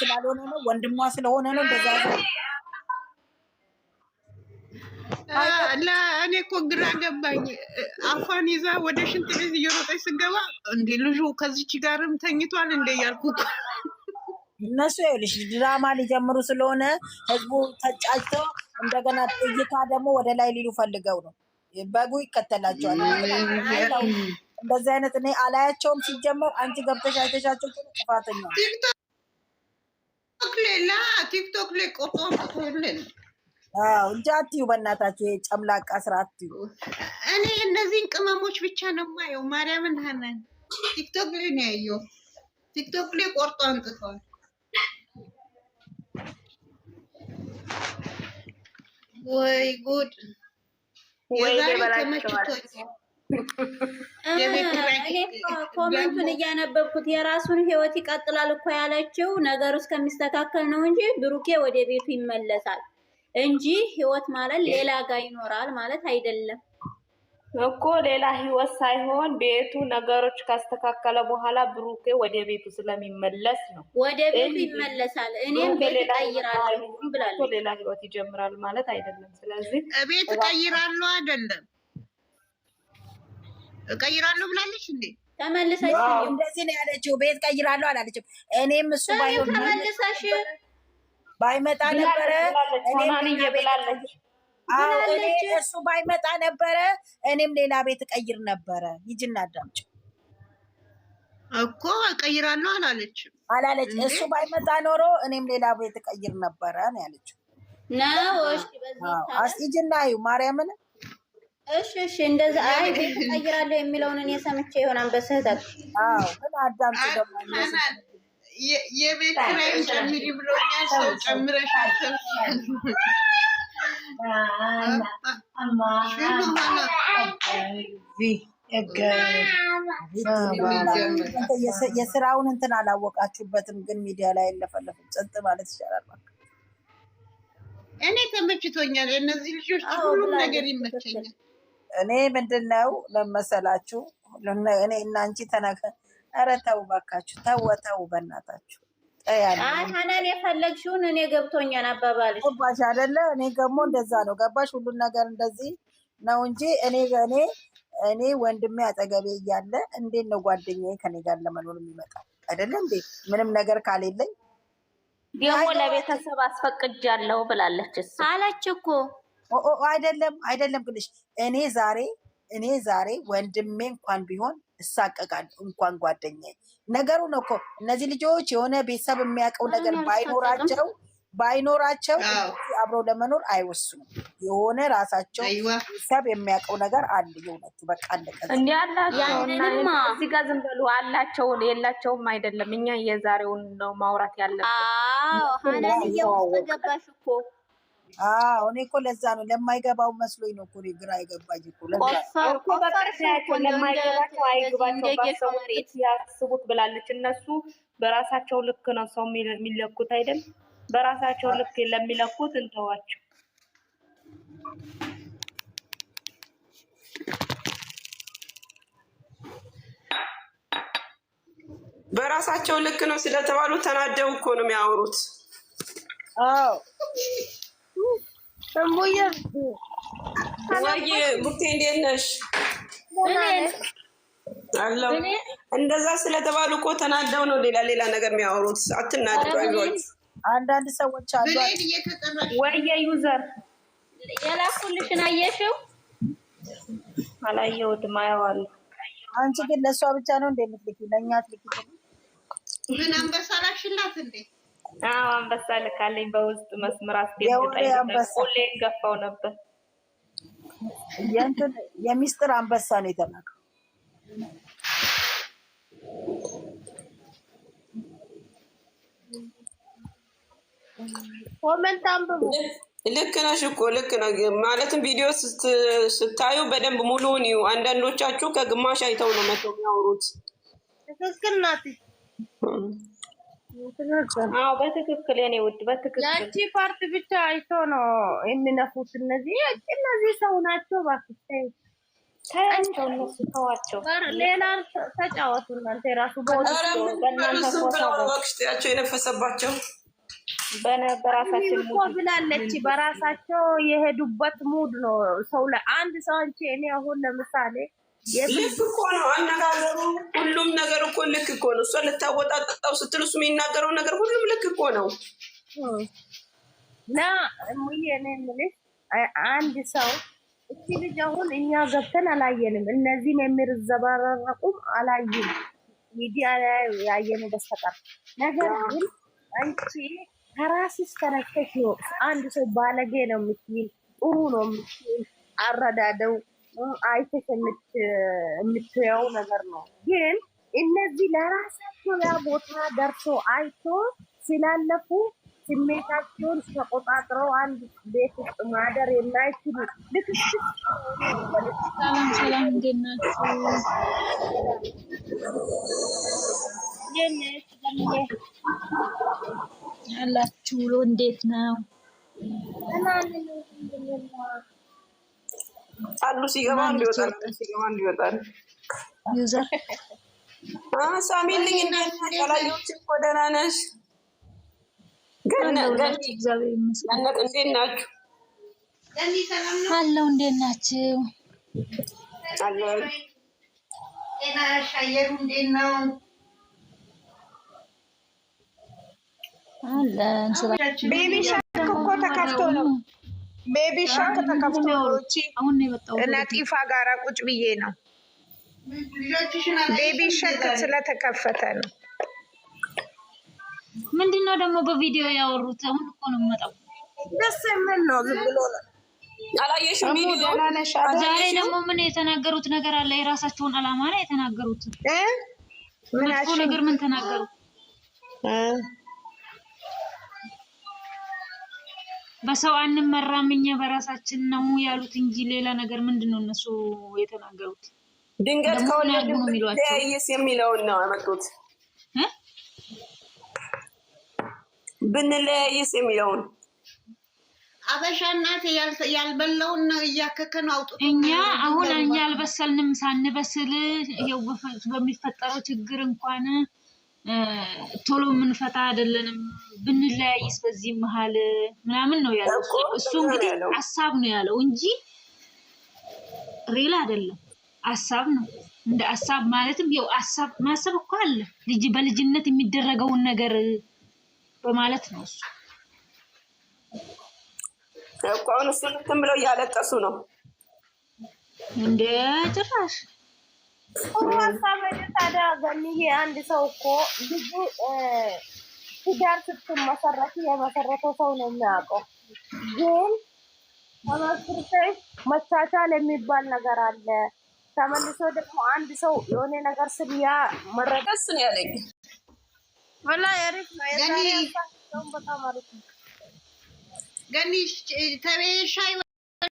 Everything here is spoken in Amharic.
ስላልሆነ ነው ወንድሟ ስለሆነ ነው እንደዛ እኔ እኮ ግራ ገባኝ። አፏን ይዛ ወደ ሽንት ቤት እየሮጠች ስገባ እንደ ልጁ ከዚች ጋርም ተኝቷል እንደ እያልኩ እነሱ ይኸውልሽ ድራማ ሊጀምሩ ስለሆነ ህዝቡ ተጫጭተው እንደገና ጥይታ ደግሞ ወደ ላይ ሊሉ ፈልገው ነው። በጉ ይከተላቸዋል። እንደዚህ አይነት እኔ አላያቸውም ሲጀመር። አንቺ ገብተሽ አይተሻቸው ጥፋተኛ ቲክቶክ ላይ ቲክቶክ ላይ ቆርጦ ቶክለን እንጂ አትዩ፣ በእናታችሁ ጨምላቃ ስራ አትዩ። እኔ እነዚህን ቅመሞች ብቻ ነው የማየው። ማርያምን ሀናን ቲክቶክ ላይ ነው ያየው። ቲክቶክ ላይ ቆርጦ አንጥተዋል። ወይ ጉድ! የዛሬ ተመችቶኛል። ኮመንቱን እያነበብኩት የራሱን ህይወት ይቀጥላል እኮ ያለችው ነገሩ እስከሚስተካከል ነው እንጂ ብሩኬ ወደ ቤቱ ይመለሳል እንጂ ህይወት ማለት ሌላ ጋር ይኖራል ማለት አይደለም እኮ። ሌላ ህይወት ሳይሆን ቤቱ ነገሮች ካስተካከለ በኋላ ብሩኬ ወደ ቤቱ ስለሚመለስ ነው። ወደ ቤቱ ይመለሳል፣ እኔም ቤት እቀይራለሁ ብላለች። ሌላ ህይወት ይጀምራል ማለት አይደለም። ስለዚህ ቤት እቀይራለሁ አይደለም ቀይራለሁ ብላለች እንዴ? ተመልሰሽ እንደዚህ ነው ያለችው። ቤት ቀይራለሁ አላለችም። እኔም እሱ ባይሆን ተመልሰሽ ባይመጣ ነበረ እሱ ባይመጣ ነበረ እኔም ሌላ ቤት እቀይር ነበረ። ይጅና አዳምጭ እኮ እቀይራለሁ አላለችም አላለች። እሱ ባይመጣ ኖሮ እኔም ሌላ ቤት እቀይር ነበረ ነው ያለችው። ነው ዩ ማርያምን እሺ እሺ፣ እንደዛ አይ ቤት ቀይራለሁ የሚለውን እኔ ሰምቼ ይሆናል በስህተት። አዎ የቤት ጨምሪ ብሎኛል። ሰው የስራውን እንትን አላወቃችሁበትም፣ ግን ሚዲያ ላይ የለፈለፍም። ጸጥ ማለት ይቻላል። እኔ ተመችቶኛል። እነዚህ ልጆች ሁሉም ነገር ይመቸኛል። እኔ ምንድን ነው ለመሰላችሁ እኔ እናንቺ ተናከ ኧረ ተው እባካችሁ፣ ተው ተው፣ በእናታችሁ ሀናን የፈለግሽውን እኔ ገብቶኛል አባባልሽ ገባሽ አይደለ? እኔ ገሞ እንደዛ ነው ገባሽ። ሁሉን ነገር እንደዚህ ነው እንጂ እኔ እኔ እኔ ወንድሜ አጠገቤ እያለ እንዴት ነው ጓደኛዬ ከኔ ጋር ለመኖር የሚመጣ አይደለ እንዴ? ምንም ነገር ካሌለኝ ደግሞ ለቤተሰብ አስፈቅጃለሁ ብላለች አለች እኮ አይደለም አይደለም ግልሽ እኔ ዛሬ እኔ ዛሬ ወንድሜ እንኳን ቢሆን እሳቀቃል እንኳን ጓደኛ ነገሩ ነው እኮ እነዚህ ልጆች የሆነ ቤተሰብ የሚያውቀው ነገር ባይኖራቸው ባይኖራቸው አብረው ለመኖር አይወስኑም። የሆነ ራሳቸው ቤተሰብ የሚያውቀው ነገር አለ። የእውነቱ በቃ አለቀ። እንዲ እዚህ ጋር ዝም በሉ አላቸው የላቸውም አይደለም። እኛ የዛሬውን ነው ማውራት ያለብን። ገባሽ እኮ አዎ እኔ እኮ ለዛ ነው ለማይገባው መስሎኝ ነው እኮ ግራ እኮ ለማይገባቸው አይግባቸው ያስቡት ብላለች። እነሱ በራሳቸው ልክ ነው ሰው የሚለኩት አይደል? በራሳቸው ልክ ለሚለኩት እንተዋቸው። በራሳቸው ልክ ነው ስለተባሉ ተናደው እኮ ነው የሚያወሩት። አዎ እሙዬ ወይ ቡቴ እንዴት ነሽ? አለው እንደዛ ስለተባሉ እኮ ተናደው ነው ሌላ ሌላ ነገር የሚያወሩት። አትናደዱ። አንዳንድ ሰዎች አሉ። ወየ ዩዘር የላኩልሽን አየሽው? አላየሁትም። አየዋለሁ። አንቺ ግን ለእሷ ብቻ ነው እንደምትልኪ ለእኛ ትልኪ ምን አንበሳ እንዴ? አዎ አንበሳ ልካለኝ በውስጥ መስመር አስገብታኝ ገፋው ነበር። የእንትን የሚስጥር አንበሳ ነው የተናገረው። ኮመንት አንብቡ። ልክ ነሽ እኮ ልክ ነው። ማለትም ቪዲዮ ስታዩ በደንብ ሙሉውን እዩ። አንዳንዶቻችሁ ከግማሽ አይተው ነው መቶ የሚያወሩት። ትክክል ናት። አዎ በትክክል የኔ ውድ በትክክል ያቺ ፓርት ብቻ አይቶ ነው የሚነፉት። እነዚህ እነዚህ ሰው ናቸው። ተያቸው፣ እነሱ ተዋቸው። ሌላ ተጫወቱ እናንተ የራሱ በእናንተ የነፈሰባቸው ብላለች። በራሳቸው የሄዱበት ሙድ ነው ሰው ለአንድ ሰው አንቺ እኔ አሁን ለምሳሌ ልክ እኮ ነው አነጋገሩ፣ ሁሉም ነገር እኮ ልክ እኮ ነው። እሷ ልታወጣጣው ስትል እሱ የሚናገረው ነገር ሁሉም ልክ እኮ ነው። እና ሙየኔ የምልሽ አንድ ሰው እቺ ልጅ አሁን እኛ ገብተን አላየንም፣ እነዚህን የሚርዘባረቁም አላየም ሚዲያ ላይ ያየነው በስተቀር ነገር ግን አንቺ ከራስሽ ተነስተሽ ነው አንድ ሰው ባለጌ ነው የምትል ጥሩ ነው የምትል አረዳደው አይተሽ የምትየው ነገር ነው። ግን እነዚህ ለራሳቸው ያ ቦታ ደርሶ አይቶ ስላለፉ ስሜታቸውን ተቆጣጥረው አንድ ቤት ውስጥ ማደር የማይችሉ ልክስ ሰላም ሰላም፣ እንዴት ናችሁ? ያላችሁ እንዴት ነው? አሉ ሲገባ እንዲወጣል ሲገባ እንዲወጣል ሳሚልኝ እናላዮች እኮ ደህና ነሽ? ገነት እንዴት ናችሁ? አለው እንዴት ናችሁ? አየሩ እንዴት ነው? አለን ቤቢ ሻርክ እኮ ተከፍቶ ነው ቤቢ ሻርክ ተከፍቶ ነጢፋ ጋራ ቁጭ ብዬ ነው። ቤቢ ሻርክ ስለተከፈተ ነው። ምንድን ነው ደግሞ በቪዲዮ ያወሩት? አሁን እኮ ነው የምመጣው። ደስ የምል ነው። ዝም ብሎ ነው። ዛሬ ደግሞ ምን የተናገሩት ነገር አለ? የራሳቸውን አላማ ላይ የተናገሩት መጥፎ ነገር ምን ተናገሩ? በሰው አንመራም እኛ በራሳችን ነው ያሉት እንጂ ሌላ ነገር ምንድን ነው እነሱ የተናገሩት? ድንገት ከሆነስ የሚለውን ነው ያመጡት። ብንለያይስ የሚለውን አበሻ እናት ያልበላውን ነው እያከከ ነው አውጡ። እኛ አሁን እኛ አልበሰልንም። ሳንበስል በሚፈጠረው ችግር እንኳን ቶሎ የምንፈታ አይደለንም ብንለያይስ በዚህ መሀል ምናምን ነው ያለው። እሱ እንግዲህ ሀሳብ ነው ያለው እንጂ ሬል አይደለም፣ ሀሳብ ነው። እንደ ሀሳብ ማለትም ያው ሀሳብ ማሰብ እኮ አለ ልጅ በልጅነት የሚደረገውን ነገር በማለት ነው እሱ እኮ አሁን እሱ እንትን ብለው እያለቀሱ ነው እንደ ጭራሽ ጥሩ ሀሳብ ነው። ታዲያ ገኒዬ አንድ ሰው እኮ ብዙ ትዳር ስትመሰረት የመሰረተው ሰው ነው የሚያውቀው። ግን ተመስርተሽ መቻቻል የሚባል ነገር አለ። ተመልሶ ደግሞ አንድ ሰው የሆነ ነገር ስል መረቀስ ነው ያለኝ። ወላሂ አሪፍ ነው። የዛሬ በጣም አሪፍ ነው። ገኒ ተቤሻይ